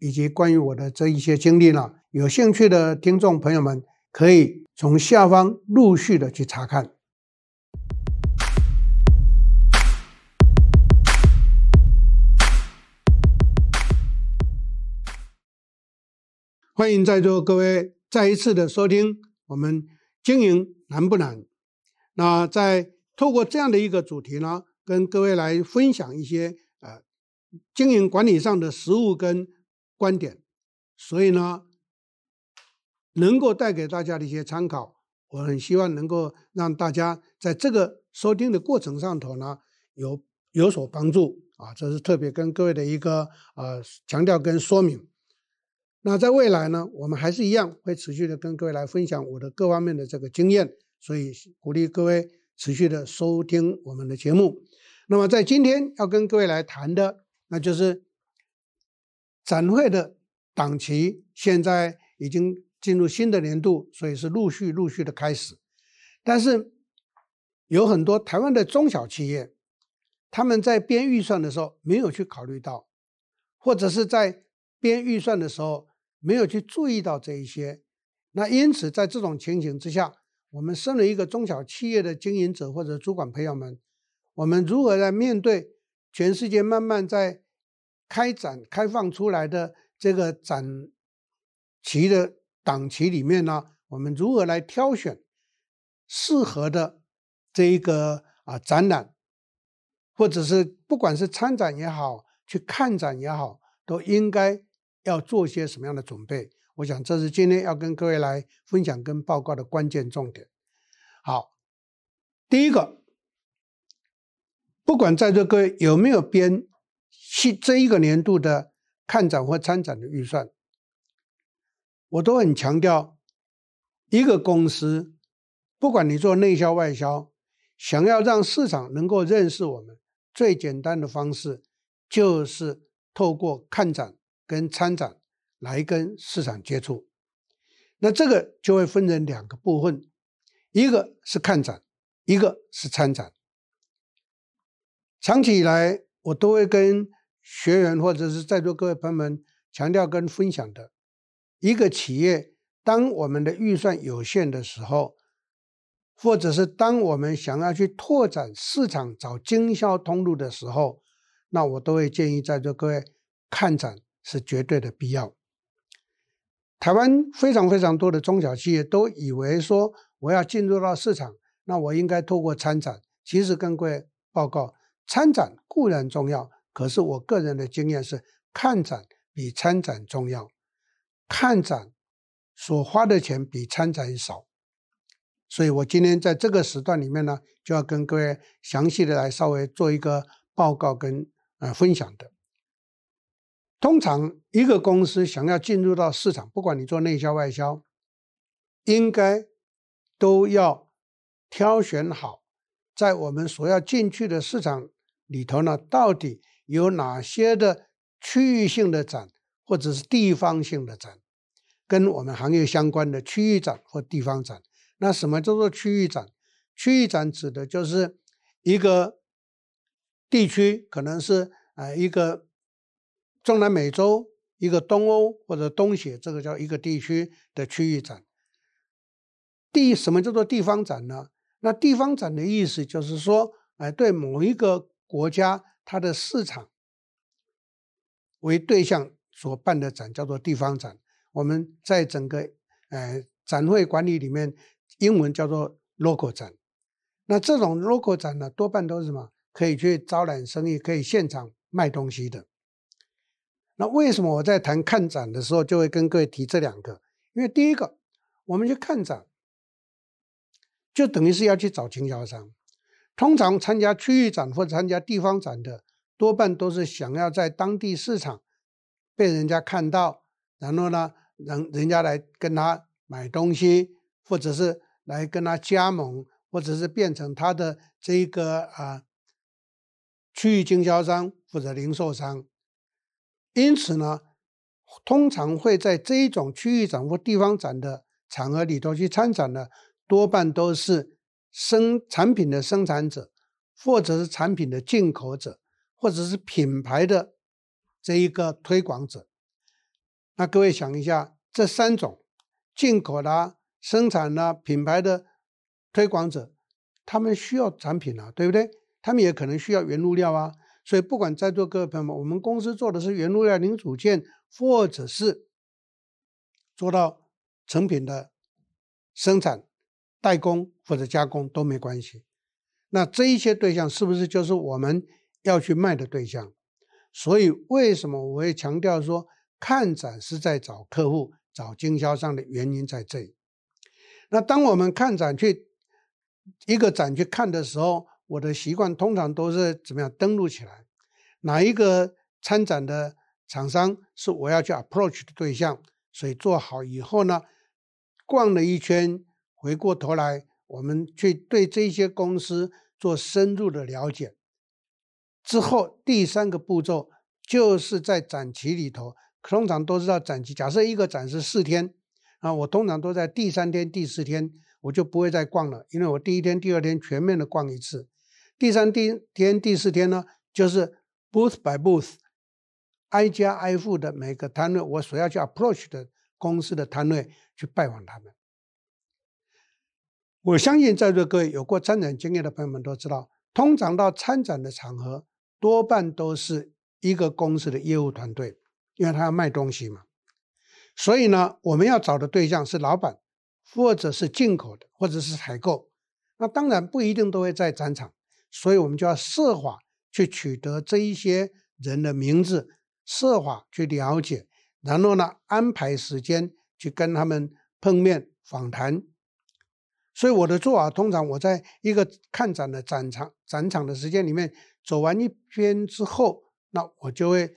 以及關於我的這一些經歷呢，有興趣的聽眾朋友們可以從下方陸續的去查看。歡迎在座各位再一次的收聽我們“經營難不難？”那在透過這樣的一個主題呢，跟各位來分享一些呃經營管理上的實務跟觀點，所以呢，能夠帶給大家的一些參考，我很希望能夠讓大家在這個收聽的過程上頭呢有有所幫助啊，這是特別跟各位的一個呃強調跟說明。那在未來呢，我們還是一樣會持續的跟各位來分享我的各方面的這個經驗，所以鼓勵各位持續的收聽我們的節目。那麼在今天要跟各位來談的，那就是。展會的檔期現在已經進入新的年度，所以是陸續陸續的開始。但是有很多台灣的中小企業，他們在編預算的時候沒有去考慮到，或者是在編預算的時候沒有去注意到這一些。那因此，在這種情形之下，我們身為一個中小企業的經營者或者主管朋友們，我們如何來面對全世界慢慢在開展開放出來的這個展期、的檔期裡面呢，我們如何來挑選適合的這一個啊展覽，或者是不管是參展也好，去看展也好，都應該要做些什麼樣的準備？我想這是今天要跟各位來分享跟報告的關鍵重點。好，第一個，不管在座各位有沒有編。是這一個年度的看展或參展的預算，我都很強調，一個公司，不管你做內銷外銷，想要讓市場能夠認識我們，最簡單的方式就是透過看展跟參展來跟市場接觸。那這個就會分成兩個部分，一個是看展，一個是參展。長期以來。我都會跟學員或者是在座各位朋友們強調跟分享的，一個企業當我們的預算有限的時候，或者是當我們想要去拓展市場、找經銷通路的時候，那我都會建議在座各位，看展是絕對的必要。台灣非常非常多的中小企業都以為說，我要進入到市場，那我應該透過參展，其實跟各位報告。參展固然重要，可是我個人的經驗是，看展比參展重要。看展所花的錢比參展少，所以我今天在這個時段裡面呢，就要跟各位詳細的來稍微做一個報告跟呃分享的。通常一個公司想要進入到市場，不管你做內銷外銷，應該都要挑選好在我們所要進去的市場。裡頭呢，到底有哪些的區域性的展，或者是地方性的展，跟我們行業相關的區域展或地方展？那什麼叫做區域展？區域展指的就是一個地區，可能是啊、呃，一個中南美洲，一個東歐或者東協，這個叫一個地區的區域展。地什麼叫做地方展呢？那地方展的意思就是說，哎、呃，對某一個。國家它的市場為對象所辦的展叫做地方展。我們在整個呃展會管理裡面，英文叫做 local 展。那這種 local 展呢，多半都是什麼？可以去招攬生意，可以現場賣東西的。那為什麼我在談看展的時候就會跟各位提這兩個？因為第一個，我們去看展，就等於是要去找經銷商。通常參加區域展或者參加地方展的，多半都是想要在當地市場被人家看到，然後呢，人人家來跟他買東西，或者是來跟他加盟，或者是變成他的這個啊區域經銷商或者零售商。因此呢，通常會在這種區域展或地方展的場合裡頭去參展的，多半都是。生產品的生產者，或者是產品的進口者，或者是品牌的這一個推廣者，那各位想一下，這三種進口的啊、生產的啊、品牌的推廣者，他們需要產品啊，對不對？他們也可能需要原物料啊。所以不管在座各位朋友們，我們公司做的是原物料、零組件，或者是做到成品的生產。代工或者加工都沒關係，那這一些對象是不是就是我們要去賣的對象？所以為什麼我會強調說，看展是在找客戶、找經銷商的原因在這裡。那當我們看展去一個展去看的時候，我的習慣通常都是怎麼樣登錄起來，哪一個參展的廠商是我要去 approach 的對象，所以做好以後呢，逛了一圈。回過頭來，我們去對這些公司做深入的了解。之後，第三個步驟就是在展期裡頭，通常都知道展期。假設一個展是四天，啊，我通常都在第三天、第四天我就不會再逛了，因為我第一天、第二天全面的逛一次，第三、第天、第四天呢，就是 booth by booth，挨家挨戶的每個攤位，我所要去 approach 的公司的攤位去拜訪他們。我相信在座各位有過參展經驗的朋友們都知道，通常到參展的場合，多半都是一個公司的業務團隊，因為他要賣東西嘛。所以呢，我們要找的對象是老闆，或者是進口的，或者是採購。那當然不一定都會在展場，所以我們就要設法去取得這一些人的名字，設法去了解，然後呢，安排時間去跟他們碰面訪談。所以我的做法，通常我在一個看展的展場展場的時間裡面走完一遍之後，那我就會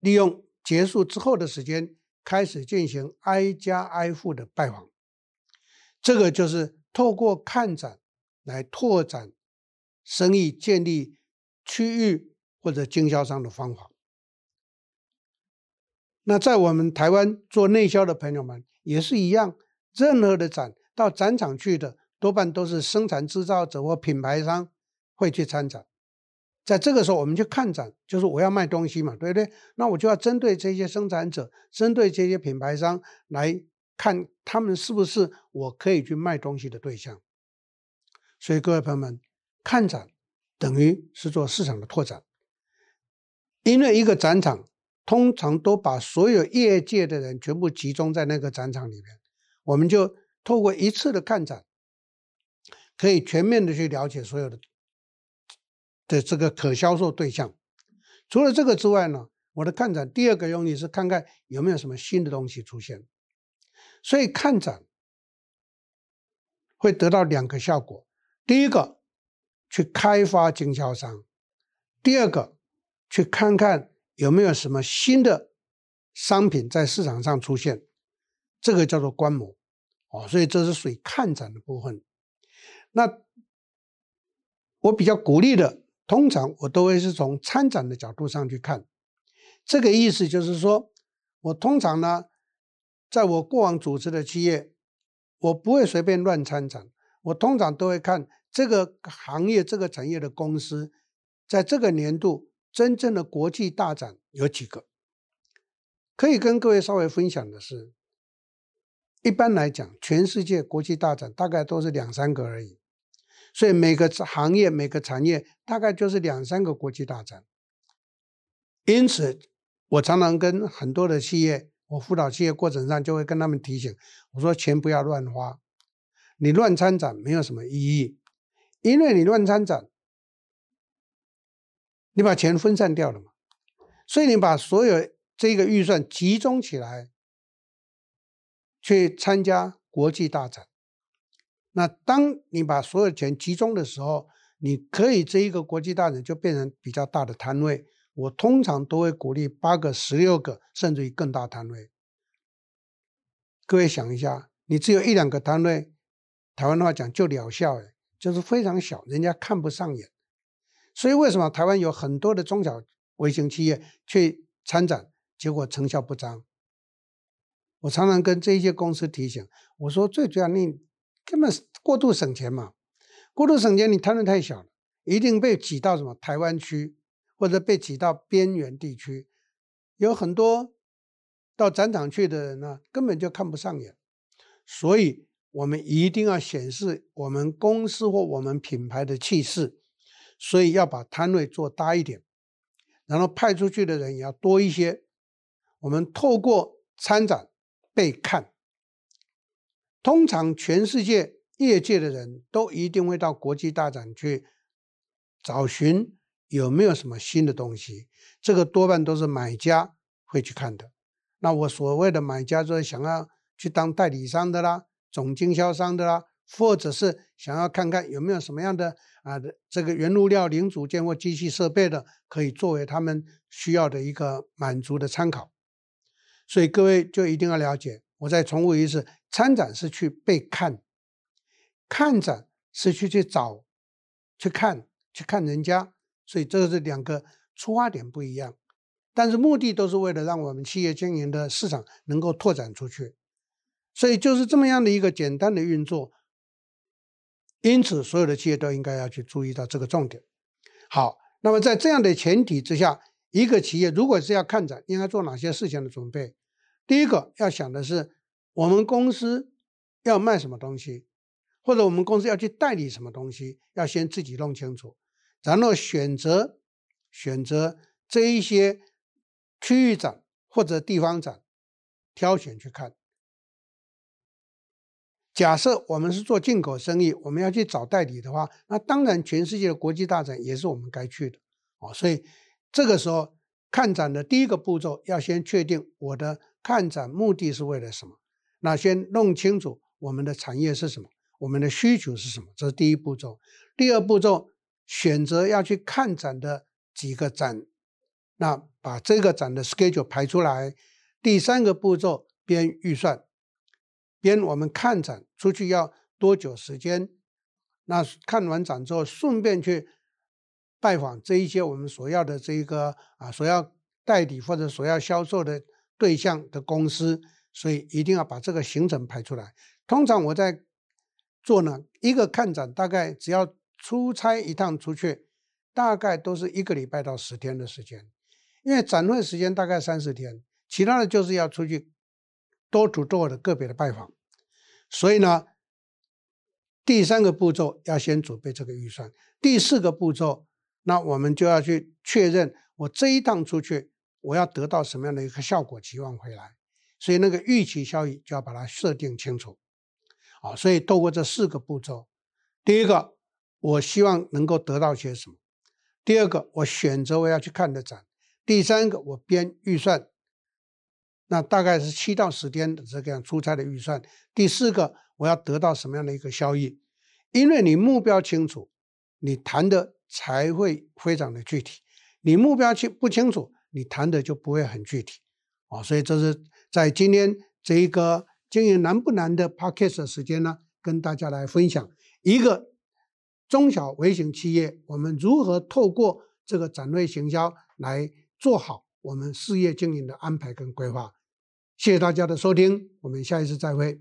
利用結束之後的時間，開始進行挨家挨戶的拜訪。這個就是透過看展來拓展生意、建立區域或者經銷商的方法。那在我們台灣做內銷的朋友們也是一樣，任何的展。到展場去的多半都是生產製造者或品牌商會去參展。在這個時候我們去看展，就是我要賣東西嘛，對不對？那我就要針對這些生產者，針對這些品牌商來看，他們是不是我可以去賣東西的對象。所以各位朋友們，看展等於是做市場的拓展，因為一個展場通常都把所有業界的人全部集中在那個展場裡面，我們就。透過一次的看展，可以全面的去了解所有的的這個可銷售對象。除了這個之外呢，我的看展第二個用意是看看有沒有什麼新的東西出現。所以看展會得到兩個效果：第一個，去開發經銷商；第二個，去看看有沒有什麼新的商品在市場上出現。這個叫做觀摩。哦，所以這是屬於看展的部分。那我比較鼓勵的，通常我都會是從參展的角度上去看。這個意思就是說，我通常呢，在我過往組織的企業，我不會隨便亂參展。我通常都會看這個行業、這個產業的公司，在這個年度真正的國際大展有幾個。可以跟各位稍微分享的是。一般來講，全世界國際大展大概都是兩三個而已，所以每個行業、每個產業大概就是兩三個國際大展。因此，我常常跟很多的企業，我輔導企業過程上就會跟他們提醒我說：“錢不要亂花，你亂參展沒有什麼意義，因為你亂參展，你把錢分散掉了嘛。所以你把所有這個預算集中起來。”去參加國際大展，那當你把所有錢集中的時候，你可以這一個國際大展就變成比較大的攤位。我通常都會鼓勵八個、十六個，甚至於更大攤位。各位想一下，你只有一兩個攤位，台灣的話講就療效，就是非常小，人家看不上眼。所以為什麼台灣有很多的中小微型企業去參展，結果成效不彰？我常常跟這些公司提醒，我說最主要你根本過度省錢嘛，過度省錢，你攤位太小了，一定被擠到什麼台灣區，或者被擠到邊緣地區。有很多到展場去的人呢，根本就看不上眼。所以我們一定要顯示我們公司或我們品牌的氣勢，所以要把攤位做大一點，然後派出去的人也要多一些。我們透過參展。被看，通常全世界業界的人都一定會到國際大展去找尋有沒有什麼新的東西。這個多半都是買家會去看的。那我所謂的買家就是想要去當代理商的啦、總經銷商的啦，或者是想要看看有沒有什麼樣的啊、呃，這個原物料、零組件或機器設備的，可以作為他們需要的一個滿足的參考。所以各位就一定要了解，我再重複一次：參展是去被看，看展是去去找、去看、去看人家。所以這是兩個出發點不一樣，但是目的都是為了讓我們企業經營的市場能夠拓展出去。所以就是這麼樣的一個簡單的運作。因此，所有的企業都應該要去注意到這個重點。好，那麼在這樣的前提之下，一個企業如果是要看展，應該做哪些事情的準備？第一個要想的是，我們公司要賣什麼東西，或者我們公司要去代理什麼東西，要先自己弄清楚，然後選擇選擇這一些區域展或者地方展，挑選去看。假設我們是做進口生意，我們要去找代理的話，那當然全世界的國際大展也是我們該去的。哦，所以。這個時候看展的第一個步驟，要先確定我的看展目的是為了什麼。那先弄清楚我們的產業是什麼，我們的需求是什麼，這是第一步驟。第二步驟，選擇要去看展的幾個展，那把這個展的 schedule 排出來。第三個步驟，編預算，編我們看展出去要多久時間。那看完展之後，順便去。拜訪這一些我們所要的這一個啊，所要代理或者所要銷售的對象的公司，所以一定要把這個行程排出來。通常我在做呢，一個看展大概只要出差一趟出去，大概都是一個禮拜到十天的時間，因為展會時間大概三十天，其他的就是要出去 door to door 的個別的拜訪。所以呢，第三個步驟要先準備這個預算，第四個步驟，那我們就要去確認，我這一趟出去，我要得到什麼樣的一個效果期望回來，所以那個預期效益就要把它設定清楚，啊，所以透過這四個步驟，第一個，我希望能夠得到些什麼；第二個，我選擇我要去看的展；第三個，我編預算，那大概是七到十天的這個樣出差的預算；第四個，我要得到什麼樣的一個效益？因為你目標清楚，你談的。才會非常的具體。你目標清不清楚，你談的就不會很具體啊、哦。所以這是在今天這一個經營難不難的 parking 時間呢，跟大家來分享一個中小微型企業，我們如何透過這個展會行銷來做好我們事業經營的安排跟規劃。謝謝大家的收聽，我們下一次再會。